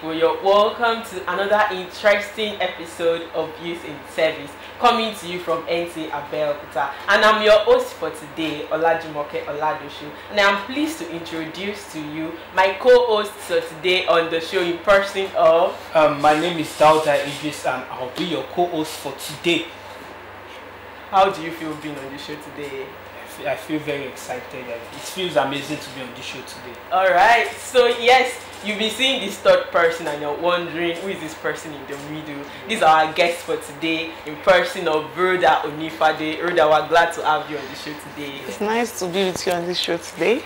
people, you're welcome to another interesting episode of Youth in Service coming to you from NC Abeokuta. And I'm your host for today, Olajumoke Oladoshu. And I'm pleased to introduce to you my co-host for today on the show in person of... Um, my name is Dauda Idris and I'll be your co-host for today. How do you feel being on the show today? I feel very excited. It feels amazing to be on this show today. All right. So yes, you've been seeing this third person and you're wondering who is this person in the middle. These are our guests for today in person of Ruda Onifade. Ruda, we're glad to have you on the show today. It's nice to be with you on this show today.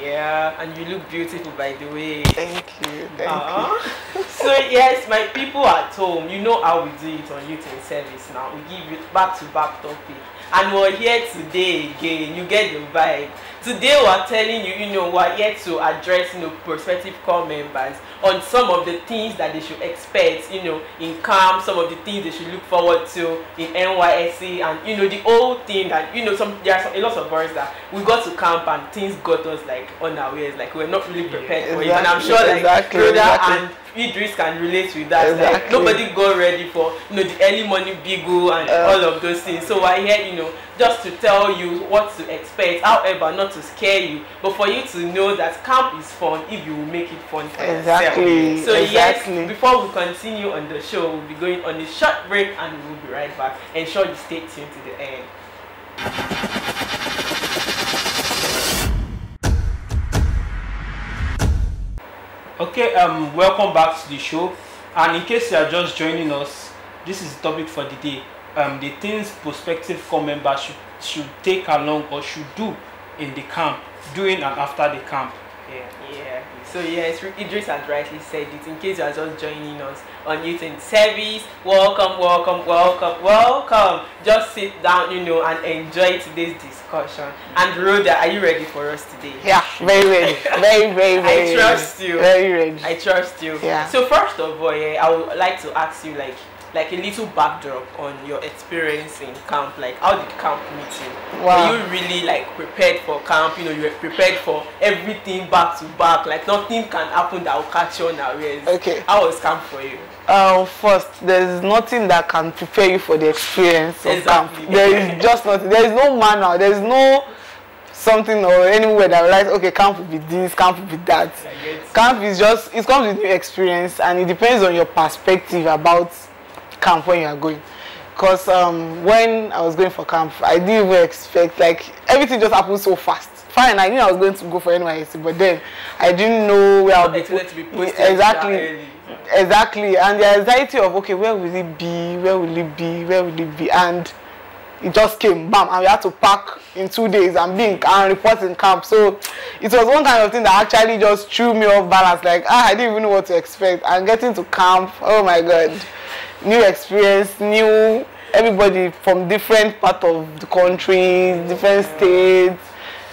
Yeah, and you look beautiful by the way. Thank you, thank uh -huh. you. so yes, my people at home, you know how we do it on Youth in Service now. We give you back-to-back -to -back topic and we're here today again you get the vibe Today we are telling you, you know, we are here to address, you know, prospective core members on some of the things that they should expect, you know, in camp, some of the things they should look forward to in NYSC, and you know, the whole thing that you know, some there are some, a lot of words that we got to camp and things got us like on our ways, like we are not really prepared yeah, for exactly, it. And I'm sure like exactly, Rhoda exactly. and Idris can relate with that. Exactly. Like nobody got ready for you know the early morning bigo and uh. all of those things. So we're here, you know, just to tell you what to expect. However, not to scare you, but for you to know that camp is fun if you make it fun for exactly, yourself. So exactly. yes, before we continue on the show, we'll be going on a short break and we'll be right back. Ensure you stay tuned to the end. Okay, um, welcome back to the show. And in case you are just joining us, this is the topic for the day. Um, the things prospective core members should, should take along or should do in the camp, during and after the camp. Yeah. yeah. So yes, Idris has rightly said it. In case you are just joining us on Youth Service, welcome, welcome, welcome, welcome. Just sit down, you know, and enjoy today's discussion. And Rhoda, are you ready for us today? Yeah, very ready. very, very, very. I trust you. Very ready. I trust you. Yeah. So first of all, yeah, I would like to ask you, like, like a little backdrop on your experience in camp like how did camp meet you wow. were you really like prepared for camp you know you were prepared for everything back to back like nothing can happen that will catch you unawares okay how was camp for you um, first there is nothing that can prepare you for the experience of exactly. camp there is just nothing there is no manner. there is no something or anywhere that like, okay camp will be this camp will be that camp is just it comes with new experience and it depends on your perspective about camp when you are going because um, when I was going for camp, I didn't even expect like everything just happened so fast. Fine, I knew I was going to go for NYSC, but then I didn't know where I'll be, po to be posted exactly. Exactly, and the anxiety of okay, where will it be? Where will it be? Where will it be? And it just came, bam, and we had to pack in two days and be in, and report in camp. So it was one kind of thing that actually just threw me off balance. Like ah, I didn't even know what to expect. And getting to camp, oh my god new experience new everybody from different part of the country different states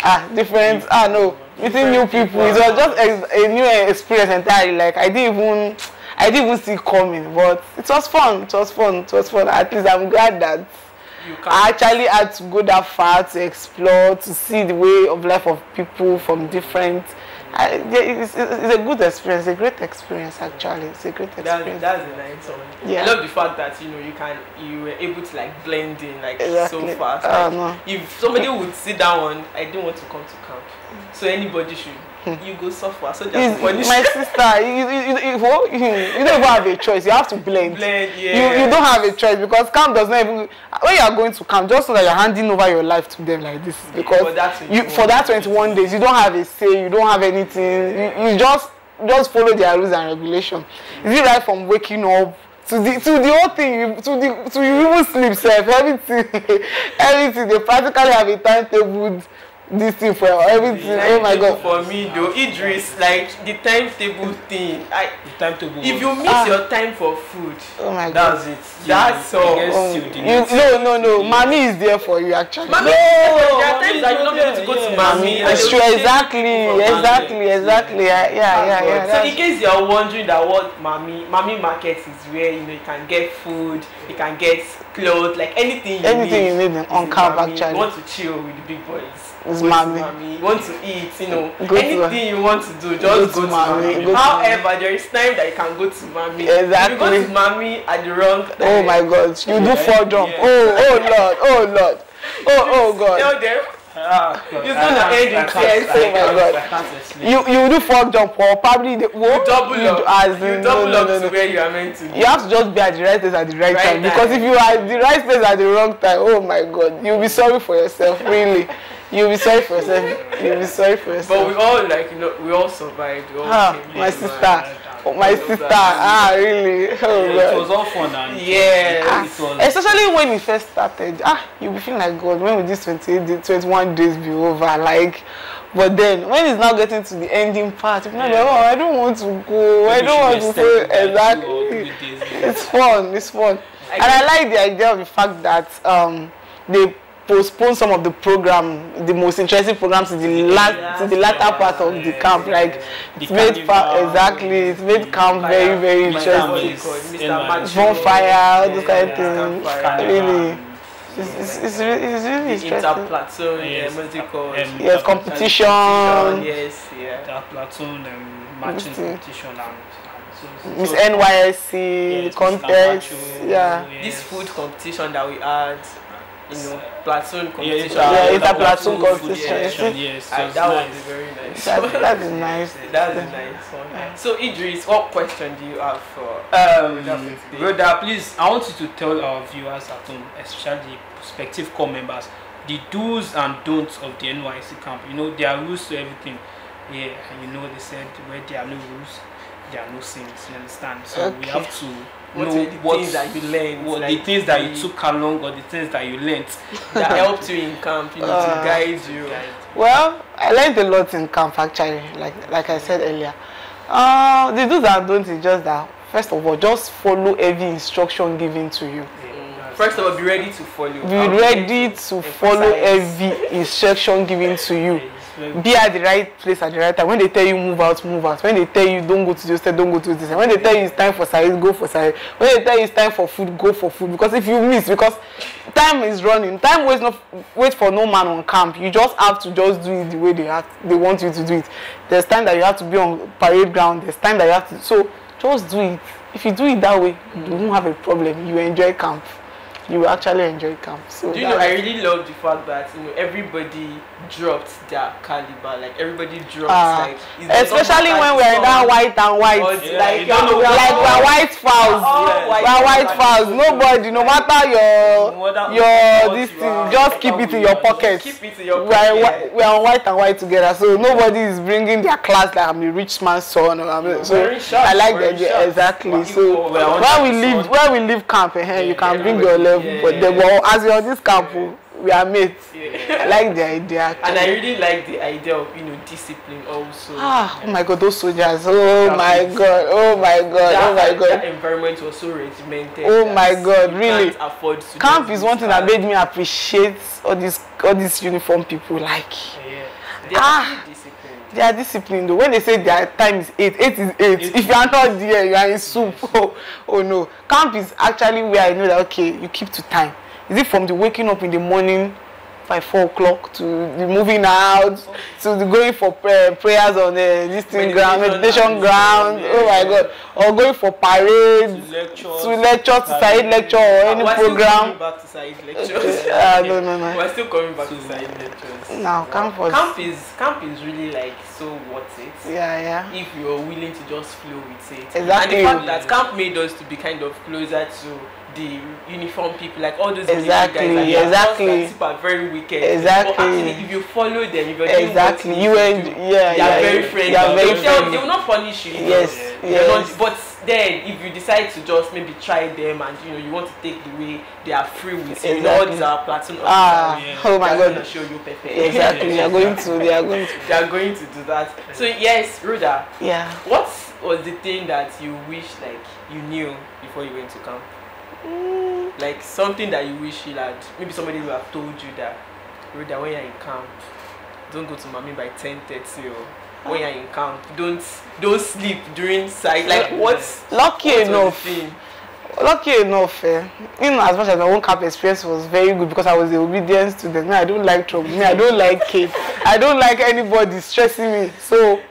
ah different ah no meeting new people it was just a, new experience entirely like i didn't even i didn't even see coming but it was fun it was fun it was fun at least i'm glad that i actually had to go that far to explore to see the way of life of people from different it's, it's, a good experience, a great experience actually. It's a great experience. That's, that's a nice one. Yeah. I love the fact that you know you can you were able to like blend in like exactly. so fast. Ah, like, uh, no. If somebody would sit down I don't want to come to camp, so anybody should Hmm. you go suffer so just punish hmm. my sister you you you, you you don't even have a choice you have to blend, blend Yeah. you you don't have a choice because camp does not even when you are going to camp just so that you're handing over your life to them like this because for that, you, for that 21 days you don't have a say you don't have anything you, you just just follow their rules and regulation is it right from waking up to the to the whole thing to the to you even sleep self, everything everything they practically have a timetable this thing for everything like, oh my god for me though idris like the timetable thing i the timetable if you miss ah. your time for food oh my god that's it that's all um, you, no no no yeah. mami is there for you actually mami no, there are times that you no be able to go yeah. to mami yeah. and it's true exactly exactly exactly yeah yeah yeah, yeah, yeah so in case you are wondering that what mami mami market is where you know you can get food you can get clothes like anything you anything need anything you need on carb actually you want to chill with the big boys It's mommy. You want to eat, you know, go anything you want to do, just go, go to mommy. However, to there is time that you can go to mommy. Exactly. you go to mommy at the wrong time. Oh my God, you yeah. do four jump. Yeah. Oh, oh Lord, oh Lord, oh oh God. Tell them. Ah, God. It's gonna end in Say oh my God! You you do four jump or probably the whoa, you double you, up. As you double no, up no, no, to where you are meant to. Be. You have to just be at the right place at the right, right time, time because if you are at the right place at the wrong time, oh my God, you'll be sorry for yourself really. You'll be sorry for yourself. You'll be sorry for yourself. But we all like you know we all survived. We all ah, my sister. My, oh, my sister. Ah, really? Oh, yeah, God. It was all fun and Yeah. It was, Especially when we first started. Ah, you'll be feeling like God, when will this 28 21 days be over? Like but then when it's now getting to the ending part, people yeah. like, oh, I don't want to go. Maybe I don't want to go. Exactly. It's fun. It's fun. I and I like the idea of the fact that um they postpone some of the program, the most interesting programs to the last yeah, to the latter yeah, part of yeah, the camp. Like the it's made camp, exactly, it's made camp fire, very very interesting. Bonfire, all those kind of things. Really. It's, it's, it's, really, it's really the interesting. Yes, musical, um, yes competition. competition. Yes, yeah. and um, matching competition and so, Miss so, NYSC, yes, context, yeah. Yes. This food competition that we had, platoon Yeah, it's a, platoon, competition. Yes, that nice. was very nice. That, that is nice. that is nice one. So Idris, what question do you have for um, Rhoda? Please, I want you to tell our viewers at home, especially prospective core members, the do's and don'ts of the NYC camp. You know, there are rules to everything. Yeah, you know, they said where there are no rules, there are no sins. You understand? So okay. we have to what know the what, things that you learned, what like the things that you took along or the things that you learned that helped you in camp, you know, uh, to ah. guide you. Well, I learned a lot in camp actually, like like I said earlier. Uh, the do's and don'ts is just that. First of all, just follow every instruction given to you. Mm. First of all, be ready to follow. Be ready to follow every instruction given to you be at the right place at the right time when they tell you move out move out when they tell you don go to your step don go to your step when they tell you it's time for service go for service when they tell you it's time for food go for food because if you miss because time is running time wait no wait for no man on camp you just have to just do it the way they have they want you to do it there's time that you have to be on parade ground there's time that you have to so just do it if you do it that way you won't have a problem you enjoy camp you actually enjoy camp. So Do you know, I really love the fact that you know everybody dropped their caliber, like everybody dropped uh, like especially when we're in that white and white, oh, yeah, like yeah, you know, we're like we're white fowls, yeah, oh, we're white fowls. Nobody, no matter your your this thing, just keep it in your pocket. Keep it in your pocket. We're, we're on white and white together, so nobody is bringing their class like I'm the rich man's son. Or I'm the, so I like that exactly. So when we leave when we leave camp, eh, you can bring your level but dem but as we on this camp o we are mates i like the idea and i really like the idea of you know discipline also. ah oh my god those soldiers oh that my means, god oh my god that, oh my god. that environment was so regimented. oh my god really camp is one thing that made me appreciate all these all these uniform people like. Yeah. yeah. ah they are disciplined though when they say their time is eight eight is eight, eight. if you are not there you are in soup oh, oh no camp is actually where i know that okay you keep to time is it from the waking up in the morning by four o'clock to the moving out to the going for prayer, prayers on the eh, this thing ground meditation ground oh my god or going for parade to lecture to, side lecture or any program. Still ah, no, no, no. We're still coming back to side lectures. No, camp was camp is camp is really like so worth it. Yeah, yeah. If you're willing to just flow with it. Exactly. And the fact that camp made us to be kind of closer to the uniform people, like all those exactly, guys, like exactly, are very wicked. Exactly. But actually, if you follow them, if you're exactly, doing you and yeah, they are yeah, very friendly. They are very friendly. They'll, they will not punish you. Yes, yes. Not, but then, if you decide to just maybe try them, and you know you want to take the way they are free with exactly. you, know, all these are platoon. Ah, yeah. oh my God! Show you perfect. Exactly. they are going to. They are going. To. they are going to do that. So yes, Ruda. Yeah. What was the thing that you wish like you knew before you went to camp? Mm. Like something that you wish you had. Maybe somebody would have told you that. Rather when you're in camp, don't go to mommy by 10:30 or when ah. you're in camp, don't don't sleep during sight. Like mm. what's lucky what enough? Lucky enough, eh, know, as much as my own camp experience was very good because I was the obedient student. Me, I don't like trouble. Me, I don't like kids. I don't like anybody stressing me. So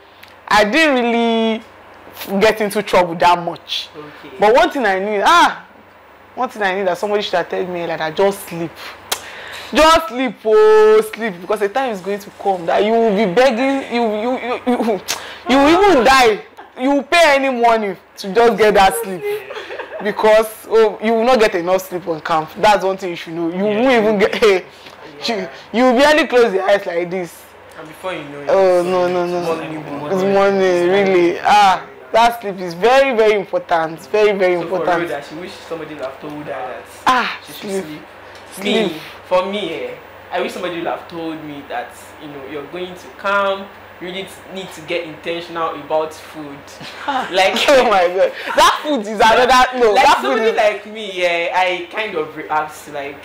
I didn't really get into trouble that much. Okay. But one thing I knew, ah, one thing i need that somebody should have tell me like I just sleep just sleep oh sleep because the time is going to come that you will be begging you you you you, you will even die you will pay any money to just get that sleep because oh you will not get enough sleep on camp that's one thing you should know you yeah. won't even get hey yeah. you you barely close your eyes like this and before you know it oh no no no it's morning, morning. really ah. that sleep is very very important very very so important. so for real that she wish somebody would have told her that ah, she should sleep. sleep. sleep. Me, for me eh, I wish somebody would have told me that you know you're going to come. you need need to get intentional about food like oh my god that food is another no like that food is like me yeah I kind of react like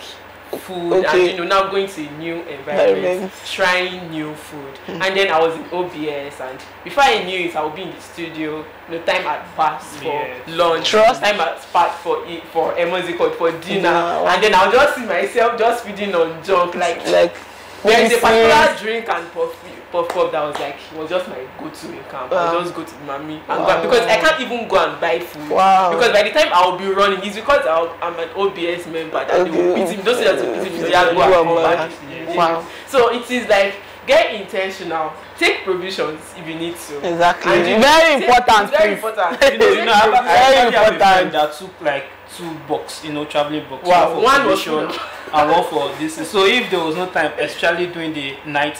food okay. and you know now going to a new environment trying new food hmm. and then i was in obs and before i knew it i would be in the studio no time had passed for yes. lunch Trust. time had passed for eat for emergency called for dinner and then i'll just see myself just feeding on junk like like there is a particular drink and perfume puff puff that was like was just my go-to in camp. I just go to mommy and wow. because I can't even go and buy food. Wow. Because by the time I'll be running, it's because i am an OBS member that okay. they will beat him. that will beat him, go Wow. So it is like get intentional take provisions if you need to exactly and very important very important you know, you know I, very important that took like two box you know traveling box wow, one for one provision and one for this so if there was no time especially during the night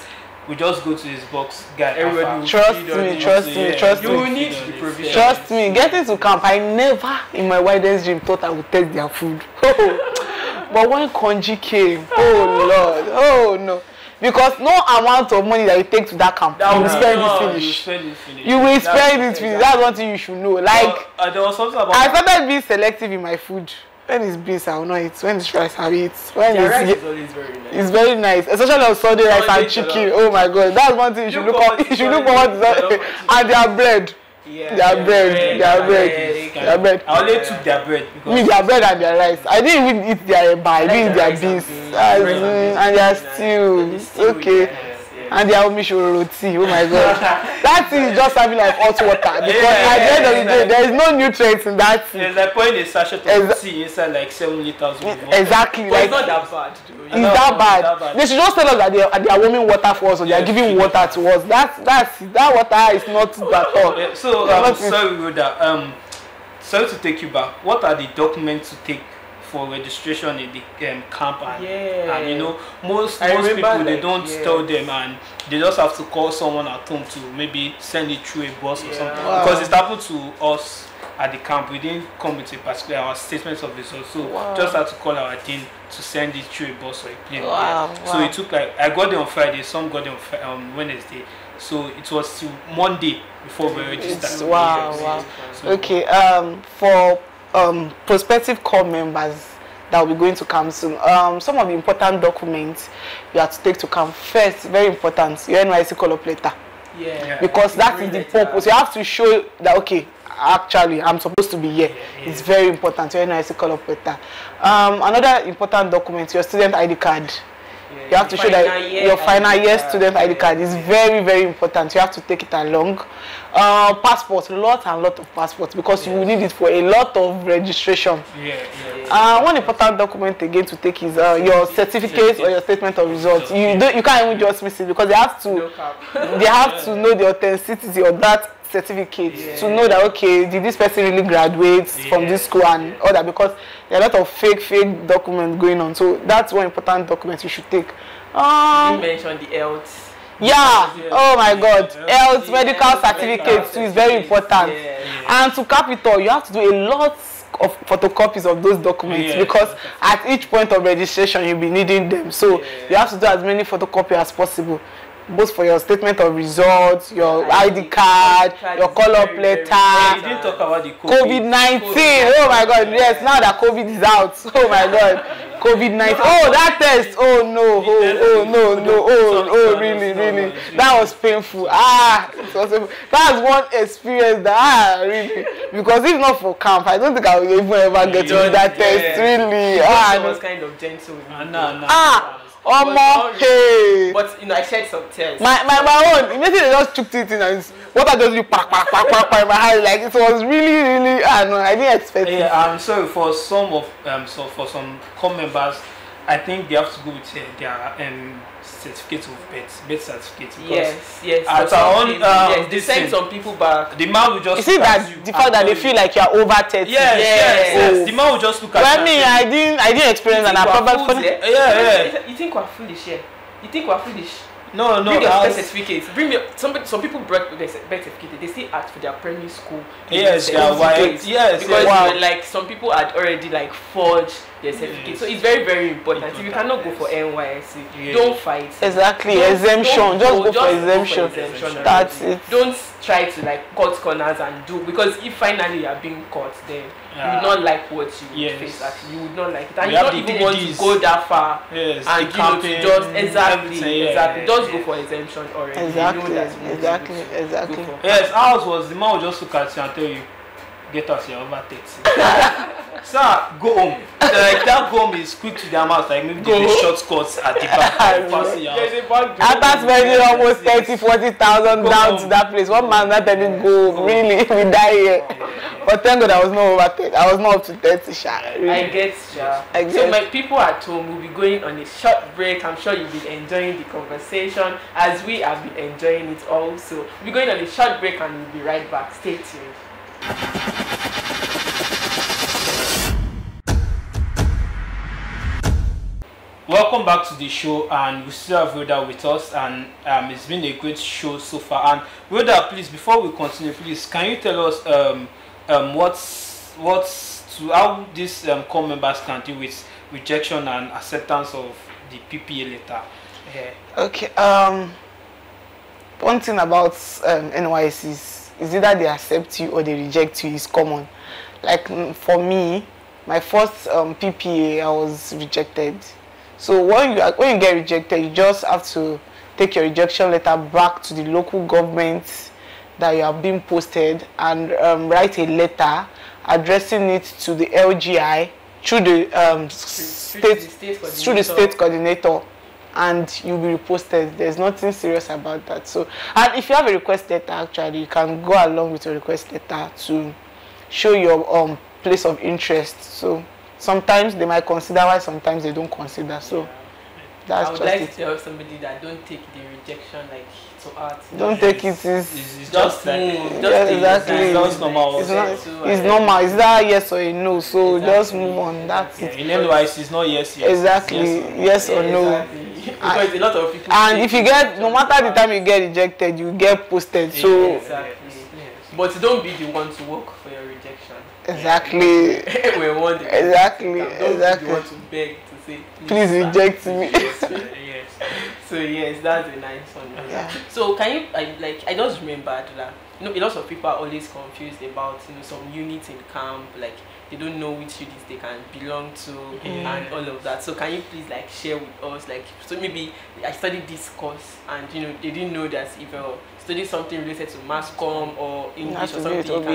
we just go to his box guy everybody will trust me trust me yeah. trust you me you need the provision trust me getting to camp i never in my wildest dream thought i would taste their food but when konji came oh lord oh no because no amount of money that you take to that camp that you will spend no, it finish you, spend it finish. you will spend that, it finish exactly. that's one thing you should know like uh, there was something about i started being selective in my food when it's beans, I will not eat. When it's rice, I will eat. When yeah, it's rice is very nice. It's very nice, especially on Sunday rice and chicken. Oh my God, that's one thing you should look for. You should look forward to. And their bread. Yeah, their bread, their bread, their bread. I only took their bread. With their bread and their rice. I didn't even eat their eba. I didn't eat their beans and their stew. Okay and they are omishororo tea oh my god that tea is just having like hot water because yeah, at the end of the day there is no nutrients in that tea. it's like pouring a sachet of Exa tea inside uh, like seven litres of e- water. exactly but like it's not that bad. Though. it's no, that, bad. that bad they should just tell us that they are they are warming water for us or they yeah, are giving water to us that that that water is not um, good at so um, sorry Rhoda um sorry to take you back what are the documents to take for registration in the um, camp and, yeah. and you know most I most people like, they don't tell them and they just have to call someone at home to maybe send it through a bus yeah. or something wow. because it happened to us at the camp we didn't come with a particular our statement of results so wow. just had to call our team to send it through a bus or a plane wow. Yeah. Wow. so it took like i got there on friday some got there on um, wednesday so it was till monday before we registered wow, wow. So, okay um for um, prospective core members that will be going to come soon. Um, some of the important documents you have to take to come First, very important, your NYC call up letter. Yeah. Because that is the purpose. You have to show that, okay, actually, I'm supposed to be here. Yeah, yeah. It's very important, your NYC call up letter. Um, another important document, your student ID card. you have to show that your final year student ID card is very very important you have to take it along uh, passport lot and lot of passports because yes. you will need it for a lot of registration yeah, yeah, yeah, uh, one important document again to take is uh, your certificate or your statement of results you don't you can't even just miss it because they have to they have to know the authenticity of that certificate yeah. to know that okay did this person really graduate yeah. from this school and all that because there are a lot of fake fake documents going on so that's one important document you should take. Um, you mentioned the health. Yeah. yeah oh my god yeah. health medical yeah. certificate too is very important yeah. Yeah. and to cap it all you have to do a lot of photocopies of those documents yeah, because yeah. at each point of registration you'll be needing them so yeah. you have to do as many photocopies as possible both for your statement of results, your ID, card, your call up letter. COVID. nineteen. Oh my God! Yes, now that COVID is out. Oh my God! COVID nineteen. Oh, that test. Oh no! Oh, oh no! No! Oh oh really really. That was painful. Ah, that was one experience that ah really because if not for camp, I don't think I would even ever get to that test. Really. Ah. Was kind of gentle. Ah. Omo, oh, But you know, I shared some tears. My my my own. Imagine they just choked it in and what I just do pack pack pack pack pack in my hand like it was really really. I ah, know I didn't expect. Yeah, it. I'm um, sorry for some of um so for some core members, I think they have to go with uh, their um certificate of birth, birth certificate. Yes, yes. At our own, um, yes, they send some people back. The man will just. You see that you the fact that they feel like you are over thirty. Yes, yes, yes. Oh. The man will just look at. Well, me, I didn't, I didn't experience an approval. yeah? yeah, You think we're foolish? Yeah. You think we're foolish? No, no. Bring your birth certificate. Bring me some some people brought their birth certificate. They still ask for their primary school. Yes, their wife. Yes, because yes. Wow. like some people had already like forged your certificate. So it's very, very important. If you cannot go for NYSC, don't fight. Exactly, don't, exemption. Don't just go, just for exemption. Go for exemption That's it. Don't try to like cut corners and do because if finally you are being caught, then yeah. you would not like what you yes. face. Actually, you would not like it, and we you don't even want to go that far. Yes, and you know, just exactly, yeah, exactly. Yeah, just go for exemption already. Exactly, you know exactly, exactly. Yes, ours was the man would just look at you and tell you, get us your over thirty. sir go home like uh, that go home is quick to their mouth like maybe they dey short cuts at the back of passing house after spending almost thirty forty thousand down home. to that place one man na tell me go home really we die here but thank god i was not over thirty i was not up to thirty sha really i get sha so my people at home will be going on a short break i'm sure you've been enjoying the conversation as we have been enjoying it also we're going on a short break and we'll be right back stay tuned. welcome back to the show and we still have Wilda with us and um, it's been a great show so far and Wilda please before we continue please can you tell us um, um, what's what's to how these um, core members can deal with rejection and acceptance of the PPA letter yeah. okay um one thing about um, is, is either they accept you or they reject you is common like for me my first um, PPA I was rejected so when you when you get rejected, you just have to take your rejection letter back to the local government that you have been posted and um, write a letter addressing it to the LGI through the um, state through the state, through the state coordinator and you'll be reposted. There's nothing serious about that. So, and if you have a request letter, actually, you can go along with your request letter to show your um, place of interest. So, sometimes they might consider why sometimes they don't consider. So that's I would like it. to tell somebody that don't take the rejection like to art. Don't take it It's just, just move. Just exactly. It's, normal. It's, not, it's normal. Is that yes or a no? So exactly. just move on. That's yeah, it. In otherwise, it's not yes, yes. Exactly. Yes or no. Yes or no. Exactly. because a lot of people. And if you get, no matter the time you get rejected, you get posted. Yeah, so. Exactly. But don't be the one to work for your Exactly. we want it. Exactly. Exactly. want to beg to say, please, please reject me. yes, yes. So yes, that's a nice one. Yeah. So can you I, like I just remember that you know a lot of people are always confused about you know some units in camp like they don't know which units they can belong to and all of that. So can you please like share with us like so maybe I studied this course and you know they didn't know that if uh, study something related to mass com or English or something, you can,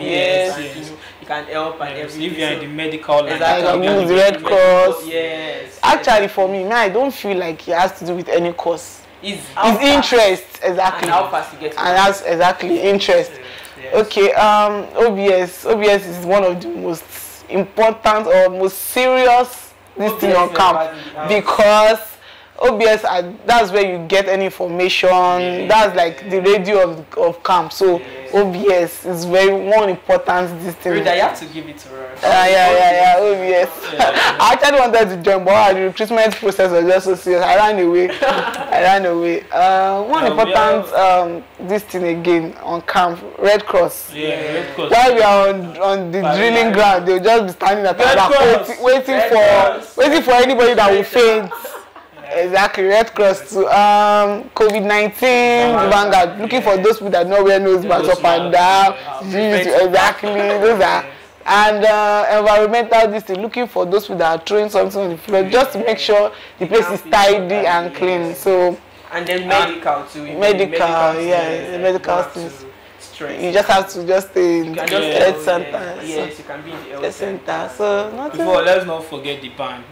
yes. you, can help and everything. If you are in the medical exactly. exactly. you the Red Cross. Yes. Actually, for me, now I don't feel like it has to do with any course. It's, it's interest, exactly. And how fast you get. And that's exactly interest. Yes. Okay. Um. OBS. OBS is one of the most important or most serious this thing on camp because obs are that's where you get any information yeah. that's like the radio of of camp so yes. obs is very one important this thing. Rita, you have to give it to her. Uh, yeah, yeah, yeah, yeah, obs. Yeah, yeah. I actually wanted to join but the recruitment process was just so serious I ran away I ran away. Uh, one um, important yeah. um, this thing again on camp Red Cross. Yeah, Red Cross. While we are on on the By drilling ground they will just be standing at the back waiting waiting for waiting for anybody that will faint. Exactly, Red Cross to um, COVID 19, Vanguard, looking for those people that know where nose bands up and down. Exactly, those are. And uh, environmental district, looking for those people that are throwing something on the floor, just to make sure the place is tidy and clean. So, and then um, medical too. Medical, medical, yeah, eh, medical things. You just have to just stay in the health center. Yes, you can be in the health center. So, nothing. Before, let's not forget the band.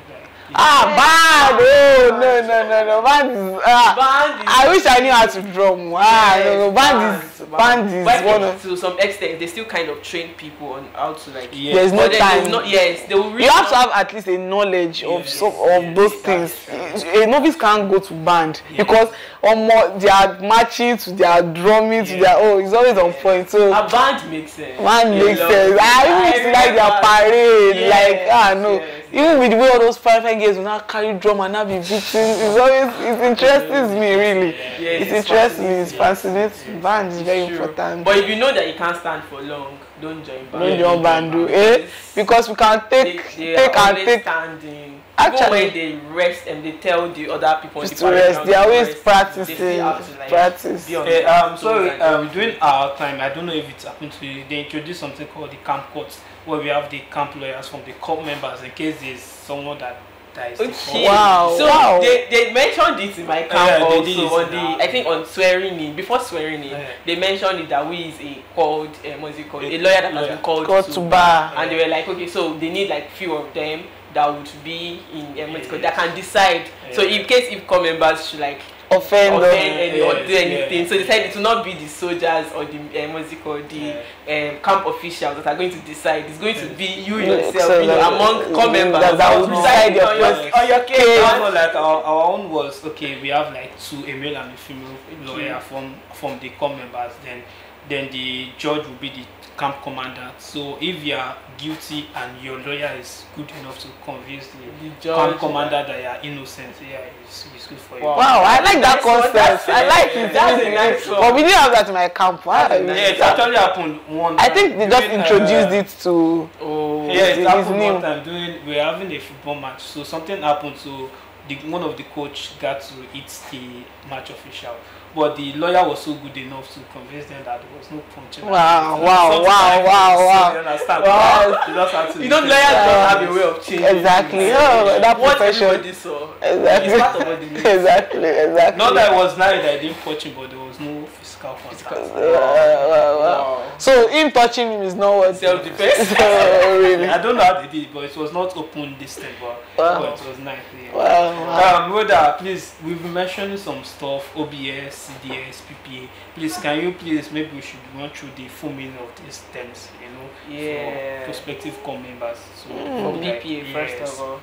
ah eh, band oh no no no no band is ah band is, I wish I knew how to drum ah no no band is band is but one of to some extent they still kind of train people on how to like yeah. there's no time not, yes they will really you have to have at least a knowledge yes, of yes, of those yes, things a novice can't go to band yes. because more they are marching to their drumming yes. to their oh it's always on point so a band makes sense band makes sense i even like their parade yes. like ah no yes. even with the way all those firefighting girls will now carry drum and now be beating it's always it interests me really yeah, yeah, it interests me it fascinates yeah. bands very important. But if you know that you can't stand for long, don't join bandu. Don't join bandu, eh? Because we can take, they, they take take. Standing. Actually, Even when they rest and they tell the other people just to rest, they are always practicing. They like, practice. Okay, eh, um, so um, doing our time, I don't know if it's happened to you. They introduced something called the camp courts, where we have the camp lawyers from the court members in case there's someone that baptized. Okay. Wow. So wow. They, they mentioned it in my camp yeah, also on the I think on swearing in before swearing in yeah. they mentioned it that we is a called uh, eh, what's it called a, a lawyer that lawyer. has been called, called to, to bar and yeah. they were like okay so they need like few of them that would be in uh, yeah. that can decide. Yeah. So in case if core members should like offend, offend any, or do anything. Yeah. So they decided to not be the soldiers or the um, eh, what's it called, the yeah. um, camp officials that are going to decide. It's going to be you yourself, so you know, like, among camp members that, that will decide your on, your, on your case. case. like our, our own was okay. We have like two, a male and a female lawyer mm. from from the camp members. Then then the judge will be the camp commander. So if you are guilty and your lawyer is good enough to convince the, the judge, camp commander yeah. that you are innocent, yeah, it's, it's good for you. Wow, wow I like that concept. I like it. That's a nice one. But we didn't have that in my camp. Wow. Yeah, it actually happened one time. I think they just introduced uh, it to oh, yeah, it happened one time. Doing, were having a football match, so something happened. to the, one of the coach got to hit the match official. but the lawyer was so good enough to convince them that there was no puncture. Wow, wow, wow, wow, wow. You understand? Wow. You, just have to you know, lawyers don't have a way of changing. Exactly. Oh, that what profession. saw exactly. part of what they Exactly, exactly. Not that I was that I didn't punch him, but there was no Wow. So him touching him is not what self-defense. really? I don't know how they did, but it was not open distance, but, but oh, it was nice. Wow. Um, Roda, please, we've been mentioning some stuff: OBS, CDS, PPA. Please, can you please maybe we should run through the full meaning of these terms, you know, yeah. for prospective core members. So mm. PPA first yes. of all.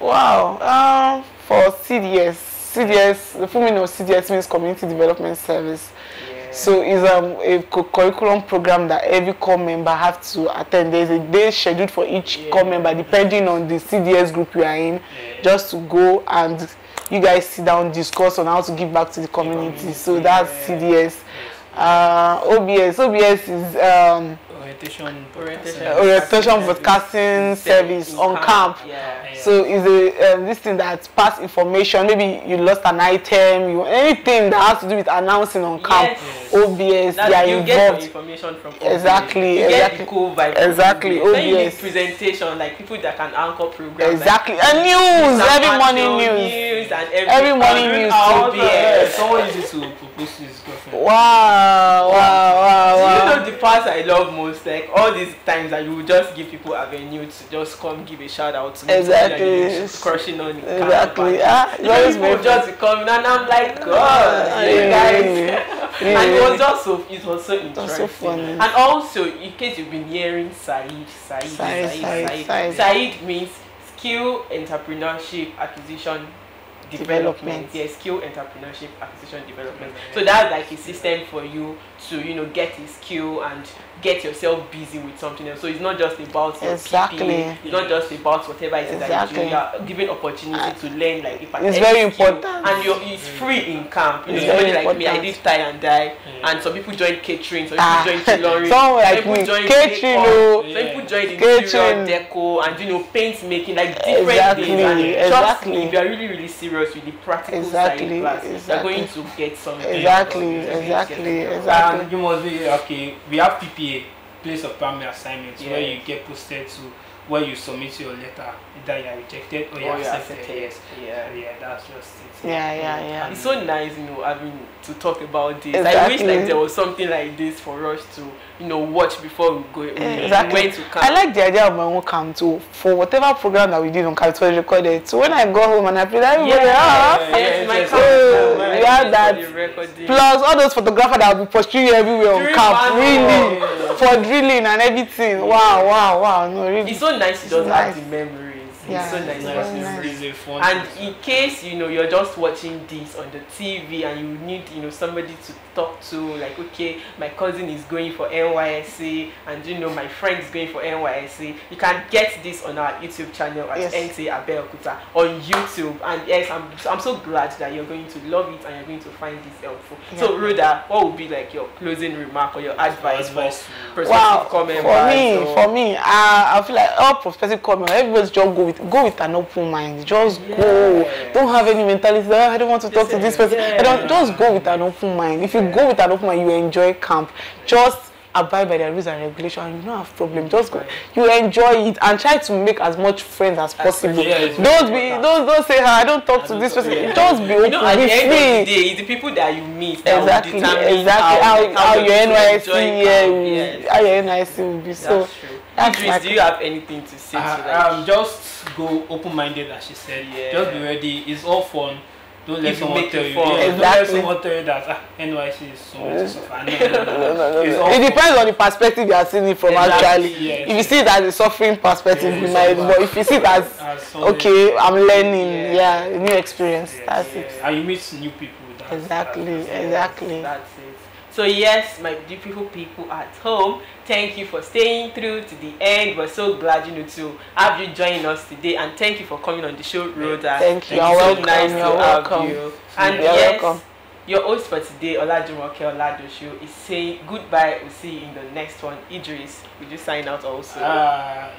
Wow. Um, for CDS, CDS, the full meaning of CDS means Community Development Service. Yeah. So it's um, a curriculum program that every core member have to attend. There's a day scheduled for each yeah. core member depending on the CDS group you are in, yeah. just to go and you guys sit down, discuss on how to give back to the community. So that's CDS. Uh, OBS. OBS is um, orientation orientation, uh, orientation broadcasting service on camp. camp. Yeah. So it's a um, this thing that pass information. Maybe you lost an item, you anything that has to do with announcing on camp. Yes. OBS, they are you involved. Get information from OBS. exactly. You exactly. Get cool vibe exactly. OBS. Then presentation like people that can anchor program. Exactly. Like, and news every morning news. news and every, every morning and news. OBS. Someone used to propose to his girlfriend. Wow! Wow! Wow! wow part I love most, like all these times that you just give people avenue to just come give a shout out to me. Exactly. crushing on you. Exactly. Ah, you always people just be coming and I'm like, God, yeah, you guys. Yeah, and it was just so it was so interesting. Was so funny. And also in case you've been hearing Saeed, Saeed, Saeed, Saeed, Saeed, Saeed, Saeed means skill entrepreneurship acquisition development. yeah, skill entrepreneurship acquisition development. So that's like a system for you to you know get a skill and get yourself busy with something else. So it's not just about your exactly. PPA, it's not just about whatever it is exactly. that you do. You are given opportunity uh, to ah. learn like if it's very important and you it's mm. free in camp. You it's know, somebody like me, I did tie and die, yeah. Mm. and some people join catering, some ah. people join tailoring, some, like oh. some people join catering, oh, yeah. some people join interior catering. deco and you know paint making like different exactly. things. And exactly. Trust if you are really really serious with the practical exactly. side class, exactly. you're going to get something. Exactly, exactly, exactly. And you must be okay. We have PPA place of primary assignment, yeah. where you get posted to where you submit your letter, either you are rejected or you are accepted. accepted. Yeah. yeah, that's just it. Yeah, yeah, yeah. yeah. It's so nice, you know, I mean. to talk about this. Exactly. I wish like there was something like this for us to, you know, watch before we go exactly. when to camp. I like the idea of my own camp too. For whatever program that we did on camp, it was recorded. So when I go home and I played everybody, yeah, ah, yeah, yes, my yes, camp. So we had that. Plus all those photographers that will be pursuing you everywhere on camp, really, for drilling and everything. Wow, wow, wow. No, really. It's so nice you don't nice. have the memory. Yeah, it's nice. It's, it's, And in case you know you're just watching this on the TV and you need you know somebody to talk to, like okay, my cousin is going for NYSC and you know my friend is going for NYSC, you can get this on our YouTube channel at yes. Abel Kuta on YouTube. And yes, I'm I'm so glad that you're going to love it and you're going to find this helpful. Yeah. So Ruda, what would be like your closing remark or your advice, for prospective wow, comment? For me, so, for me, uh, I feel like all prospective comment, everybody's just going with go with an open mind just yeah. go don't have any mentality oh, i don't want to talk to this person yeah. i don't just go with an open mind if you go with an open mind you enjoy camp just abide by the rules and regulations. You don't have problem. Just go. You enjoy it and try to make as much friends as possible. Yeah, don't be. Don't don't say, ah, "I don't talk I to don't this talk person." Yeah. Just be open. You know, at the end of the day, it's the people that you meet that exactly, exactly how, how, how, your NYC, yeah, yes. how your NYC will be. So, Idris, do you have anything to say? to Uh, to um, just go open-minded as she said. Yeah. Just be ready. It's all fun. Don't let someone tell you. Yeah, exactly. Don't let someone tell you that ah, NYC is so much suffering. it depends on the perspective you are seeing it from exactly, actually. Yes, if you see it as a suffering perspective, yeah, you might. But if you see it as, as okay, I'm learning. Yeah, yeah new experience. Yeah, that's yeah. it. And you meet new people. That's, exactly. That's, exactly. That's it. So yes, my beautiful people at home, thank you for staying through to the end. We're so glad you know to have you join us today and thank you for coming on the show, Rhoda. Thank you. you so welcome. nice You're to welcome. have you. And You're yes, welcome. your host for today, Olajumoke Oladoshu, is saying goodbye. We'll see you in the next one. Idris, would you sign out also? Uh,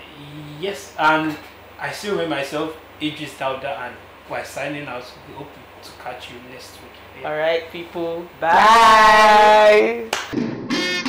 yes, and I still wear myself, Idris Dauda, and we're signing out. We hope to catch you next week. All right, people. Bye. Bye.